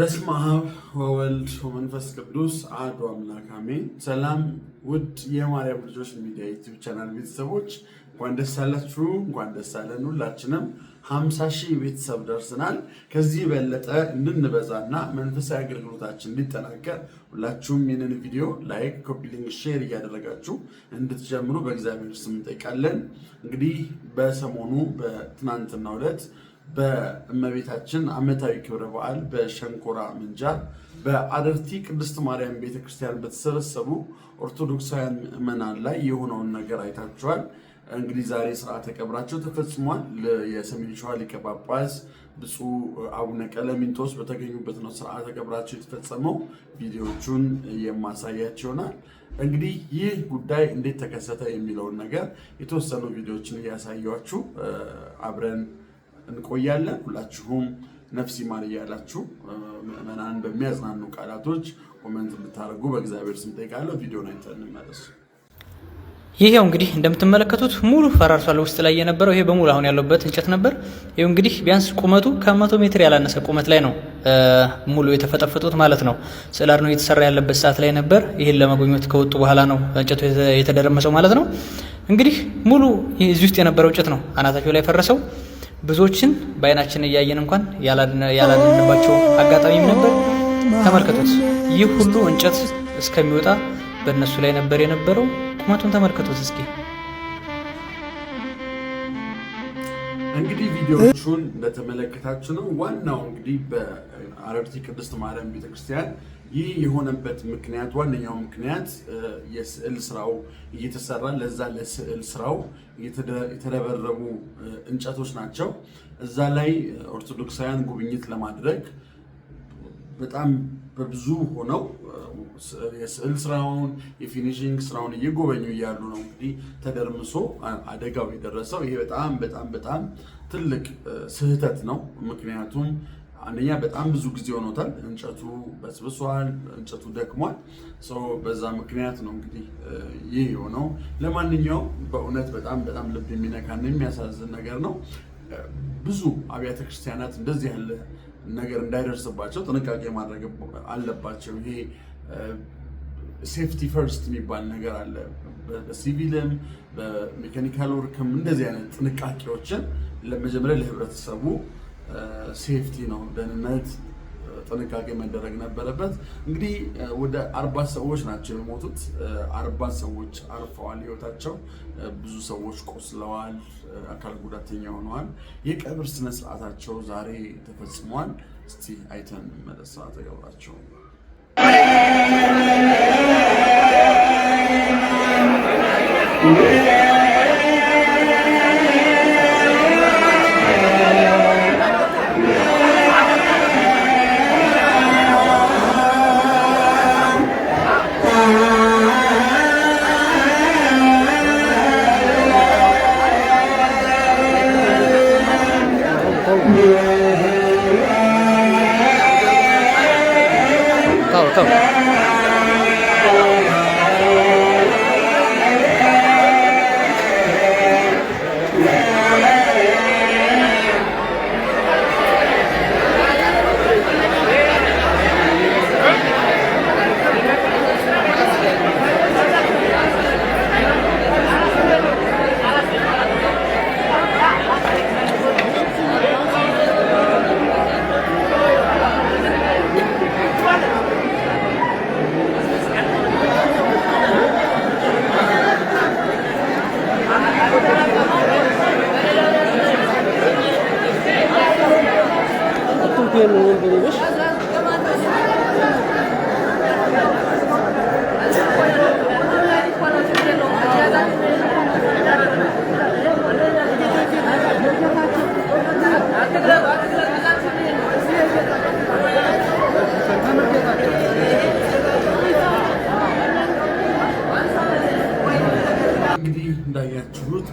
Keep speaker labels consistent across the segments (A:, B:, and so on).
A: በስመ አብ ወወልድ ወመንፈስ ቅዱስ አሐዱ አምላክ አሜን። ሰላም ውድ የማርያም ልጆች ሚዲያ ዩቲዩብ ቻናል ቤተሰቦች እንኳን ደስ አላችሁ፣ እንኳን ደስ አለን። ሁላችንም ሀምሳ ሺህ ቤተሰብ ደርስናል። ከዚህ በለጠ እንድንበዛና መንፈሳዊ አገልግሎታችን እንዲጠናከር ሁላችሁም ይህንን ቪዲዮ ላይክ፣ ኮፒሊንግ፣ ሼር እያደረጋችሁ እንድትጀምሩ በእግዚአብሔር ስም እንጠይቃለን። እንግዲህ በሰሞኑ በትናንትናው ዕለት በእመቤታችን ዓመታዊ ክብረ በዓል በሸንኮራ ምንጃ በአረርቲ ቅድስት ማርያም ቤተክርስቲያን በተሰበሰቡ ኦርቶዶክሳውያን ምዕመናን ላይ የሆነውን ነገር አይታችኋል። እንግዲህ ዛሬ ስርዓተ ቀብራቸው ተፈጽሟል። የሰሜን ሸዋ ሊቀ ጳጳስ ብፁዕ አቡነ ቀለሚንቶስ በተገኙበት ነው ስርዓተ ቀብራቸው የተፈጸመው። ቪዲዮቹን የማሳያቸው ይሆናል። እንግዲህ ይህ ጉዳይ እንዴት ተከሰተ የሚለውን ነገር የተወሰኑ ቪዲዮዎችን እያሳያችሁ አብረን እንቆያለን። ሁላችሁም ነፍስ ይማር እያላችሁ ምዕመናን በሚያዝናኑ ቃላቶች ኮመንት እንድታደርጉ በእግዚአብሔር ስም ጠይቃለሁ። ቪዲዮ ናይተ እንመለሱ።
B: ይህ እንግዲህ እንደምትመለከቱት ሙሉ ፈራርሷል። ውስጥ ላይ የነበረው ይሄ በሙሉ አሁን ያለበት እንጨት ነበር። ይሄው እንግዲህ ቢያንስ ቁመቱ ከመቶ ሜትር ያላነሰ ቁመት ላይ ነው ሙሉ የተፈጠፈጡት ማለት ነው። ስዕል አድኖ እየተሰራ ያለበት ሰዓት ላይ ነበር። ይህን ለመጎብኘት ከወጡ በኋላ ነው እንጨቱ የተደረመሰው ማለት ነው። እንግዲህ ሙሉ እዚህ ውስጥ የነበረው እንጨት ነው አናታቸው ላይ ፈረሰው። ብዙዎችን በአይናችን እያየን እንኳን ያላድንባቸው አጋጣሚም ነበር። ተመልከቱት። ይህ ሁሉ እንጨት እስከሚወጣ በእነሱ ላይ ነበር የነበረው። ቁመቱን ተመልከቱት እስኪ። እንግዲህ ቪዲዮቹን እንደተመለከታችሁ ነው። ዋናው እንግዲህ በአረርቲ ቅድስት ማርያም ቤተክርስቲያን ይህ የሆነበት ምክንያት ዋነኛው ምክንያት የስዕል ስራው እየተሰራ ለዛ ለስዕል ስራው የተደበረቡ እንጨቶች ናቸው። እዛ ላይ ኦርቶዶክሳውያን ጉብኝት ለማድረግ በጣም በብዙ ሆነው የስዕል ስራውን የፊኒሽንግ ስራውን እየጎበኙ እያሉ ነው እንግዲህ ተደርምሶ አደጋው የደረሰው። ይሄ በጣም በጣም በጣም ትልቅ ስህተት ነው። ምክንያቱም አንደኛ በጣም ብዙ ጊዜ ሆኖታል። እንጨቱ በስብሷል፣ እንጨቱ ደክሟል። ሰው በዛ ምክንያት ነው እንግዲህ ይህ የሆነው። ለማንኛውም በእውነት በጣም በጣም ልብ የሚነካና የሚያሳዝን ነገር ነው። ብዙ አብያተ ክርስቲያናት እንደዚህ ያለ ነገር እንዳይደርስባቸው ጥንቃቄ ማድረግ አለባቸው። ይሄ ሴፍቲ ፈርስት የሚባል ነገር አለ። በሲቪልም በሜካኒካል ወርክም እንደዚህ አይነት ጥንቃቄዎችን ለመጀመሪያ ለህብረተሰቡ ሴፍቲ ነው፣ ደህንነት ጥንቃቄ መደረግ ነበረበት። እንግዲህ ወደ አርባ ሰዎች ናቸው የሞቱት። አርባ ሰዎች አርፈዋል ህይወታቸው። ብዙ ሰዎች ቆስለዋል፣ አካል ጉዳተኛ ሆነዋል። የቀብር ስነስርዓታቸው ዛሬ ተፈጽመዋል እስቲ አይተን መለስ ተገብራቸው Yeah. Olmuyor.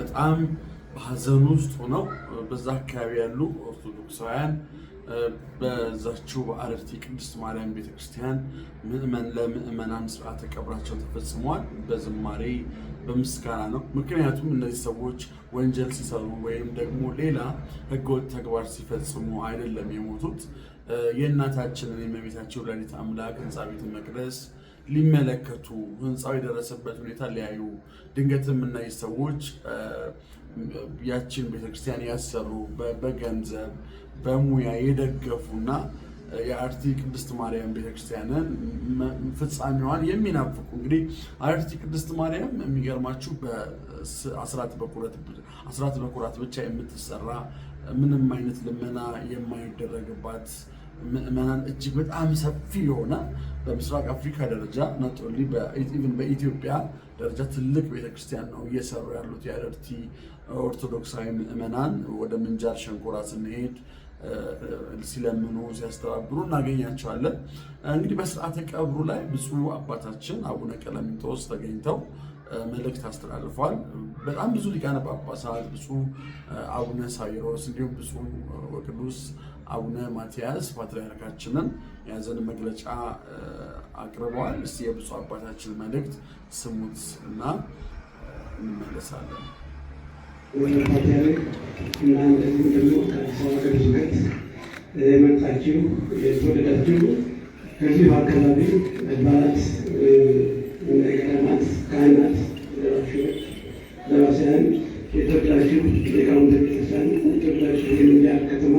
A: በጣም በሀዘን ውስጥ ሆነው በዛ አካባቢ ያሉ ኦርቶዶክሳውያን በዛችው በአረርቲ ቅድስት ማርያም ቤተክርስቲያን ምእመን ለምዕመናን ስርዓተ ቀብራቸው ተፈጽሟል። በዝማሬ በምስጋና ነው። ምክንያቱም እነዚህ ሰዎች ወንጀል ሲሰሩ ወይም ደግሞ ሌላ ህገወጥ ተግባር ሲፈጽሙ አይደለም የሞቱት የእናታችንን የእመቤታችን ወላዲተ አምላክ ህንፃ ቤተ መቅደስ ሊመለከቱ ህንፃው የደረሰበት ሁኔታ ሊያዩ ድንገት የምናይ ሰዎች ያችን ቤተክርስቲያን ያሰሩ በገንዘብ በሙያ የደገፉና የአርቲ ቅድስት ማርያም ቤተክርስቲያንን ፍጻሜዋን የሚናፍቁ እንግዲህ አርቲ ቅድስት ማርያም የሚገርማችሁ በአስራት በኩራት ብቻ የምትሰራ ምንም አይነት ልመና የማይደረግባት ምዕመናን እጅግ በጣም ሰፊ የሆነ በምስራቅ አፍሪካ ደረጃ ነጦሊ ኢቭን በኢትዮጵያ ደረጃ ትልቅ ቤተክርስቲያን ነው እየሰሩ ያሉት የአረርቲ ኦርቶዶክሳዊ ምዕመናን ወደ ምንጃር ሸንኮራ ስንሄድ ሲለምኑ ሲያስተባብሩ እናገኛቸዋለን። እንግዲህ በስርዓተ ቀብሩ ላይ ብፁዕ አባታችን አቡነ ቀለምንጦስ ተገኝተው መልእክት አስተላልፏል። በጣም ብዙ ሊቃነ ጳጳሳት ብፁዕ አቡነ ሳዊሮስ እንዲሁም ብፁዕ ወቅዱስ አቡነ ማትያስ ፓትርያርካችንን የያዘን መግለጫ አቅርበዋል። እስቲ የብፁዕ አባታችን መልእክት ስሙት እና እንመለሳለን። ወይ ፓትርያርክ እናንተ ደግሞ ከአዲስ አበባ ከድዝበት መጣችሁ የተወለዳችሁ ከዚሁ አካባቢ ባላት ካህናት፣ ደራሲዎች፣ ደራሲያን፣ የተወዳጁ ሊቃውንተ ቤተክርስቲያን፣ የተወዳጁ የምንጃር ከተማ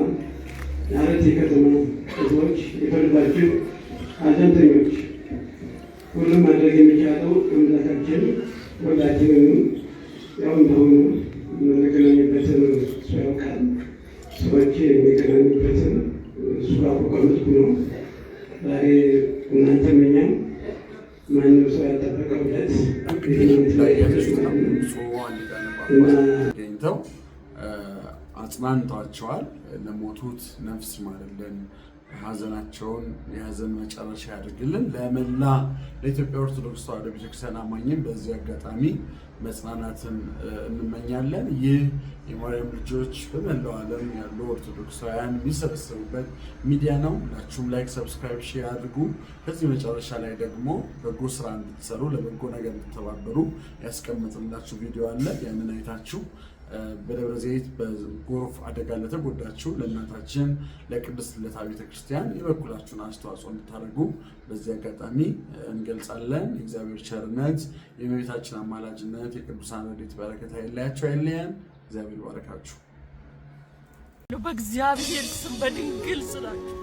A: የአረርቲ ከተማ ህዝቦች፣ የተወዳጁ አዘንተኞች፣ ሁሉም ማድረግ የሚቻለው አምላካችን ሁላችንንም ያው እንደሆኑ የምንገናኝበትን ሰው ያውቃል። ሰዎች የሚገና ተገኝተው አጽናንቷቸዋል። ለሞቱት ነፍስ ይማርልን፣ ሀዘናቸውን የሀዘን መጨረሻ ያድርግልን። ለመላ ለኢትዮጵያ ኦርቶዶክስ ተዋሕዶ ቤተክርስቲያን አማኝም በዚህ አጋጣሚ መጽናናትን እንመኛለን። ይህ የማርያም ልጆች በመላው ዓለም ያሉ ኦርቶዶክሳውያን የሚሰበሰቡበት ሚዲያ ነው። ሁላችሁም ላይክ፣ ሰብስክራይብ፣ ሼር አድርጉ። ከዚህ መጨረሻ ላይ ደግሞ በጎ ስራ እንድትሰሩ ለበጎ ነገር እንድተባበሩ ያስቀምጥላችሁ ቪዲዮ አለ። ያንን አይታችሁ በደብረ ዘይት በጎርፍ አደጋ ለተጎዳችው ለእናታችን ለቅድስት ልደታ ቤተክርስቲያን የበኩላችሁን አስተዋጽኦ እንድታደርጉ በዚህ አጋጣሚ እንገልጻለን። የእግዚአብሔር ቸርነት፣ የእመቤታችን አማላጅነት፣ የቅዱሳን ረድኤት በረከት አይለያቸው አይለያም። እግዚአብሔር ይባርካችሁ።
C: በእግዚአብሔር ስም በድንግል ስላችሁ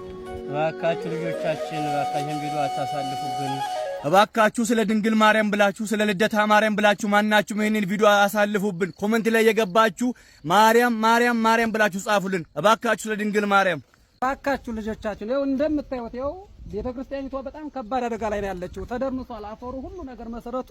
C: እባካችሁ ልጆቻችን እባካችን ቢሉ አታሳልፉብን። እባካችሁ ስለ ድንግል ማርያም ብላችሁ ስለ ልደታ ማርያም ብላችሁ ማናችሁም ይህንን ቪዲዮ አሳልፉብን። ኮመንት ላይ የገባችሁ ማርያም ማርያም ማርያም ብላችሁ ጻፉልን። እባካችሁ ስለ ድንግል ማርያም እባካችሁ ልጆቻችሁ እንደምታዩት ይኸው ቤተ ክርስቲያኒቷ በጣም ከባድ አደጋ ላይ ነው ያለችው። ተደርምሷል። አፈሩ ሁሉ ነገር መሰረቱ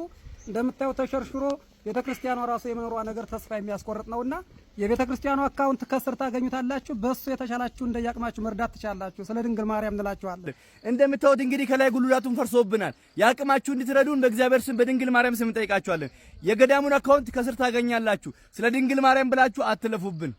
C: እንደምታየው ተሸርሽሮ ቤተ ክርስቲያኗ ራሱ የመኖሯ ነገር ተስፋ የሚያስቆርጥ ነውና የቤተ ክርስቲያኗ አካውንት ከስር ታገኙታላችሁ። በሱ የተሻላችሁ እንደያቅማችሁ መርዳት ትችላላችሁ። ስለ ድንግል ማርያም እንላችኋለን። እንደምታዩት እንግዲህ ከላይ ጉልላቱን ፈርሶብናል። ያቅማችሁ እንድትረዱን በእግዚአብሔር ስም በድንግል ማርያም ስም እንጠይቃችኋለን። የገዳሙን አካውንት ከስር ታገኛላችሁ። ስለ ድንግል ማርያም ብላችሁ አትለፉብን።